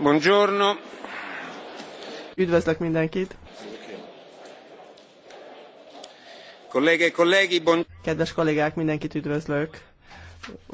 Buongiorno. Üdvözlök mindenkit. kollégi, bon... Kedves kollégák, mindenkit üdvözlök.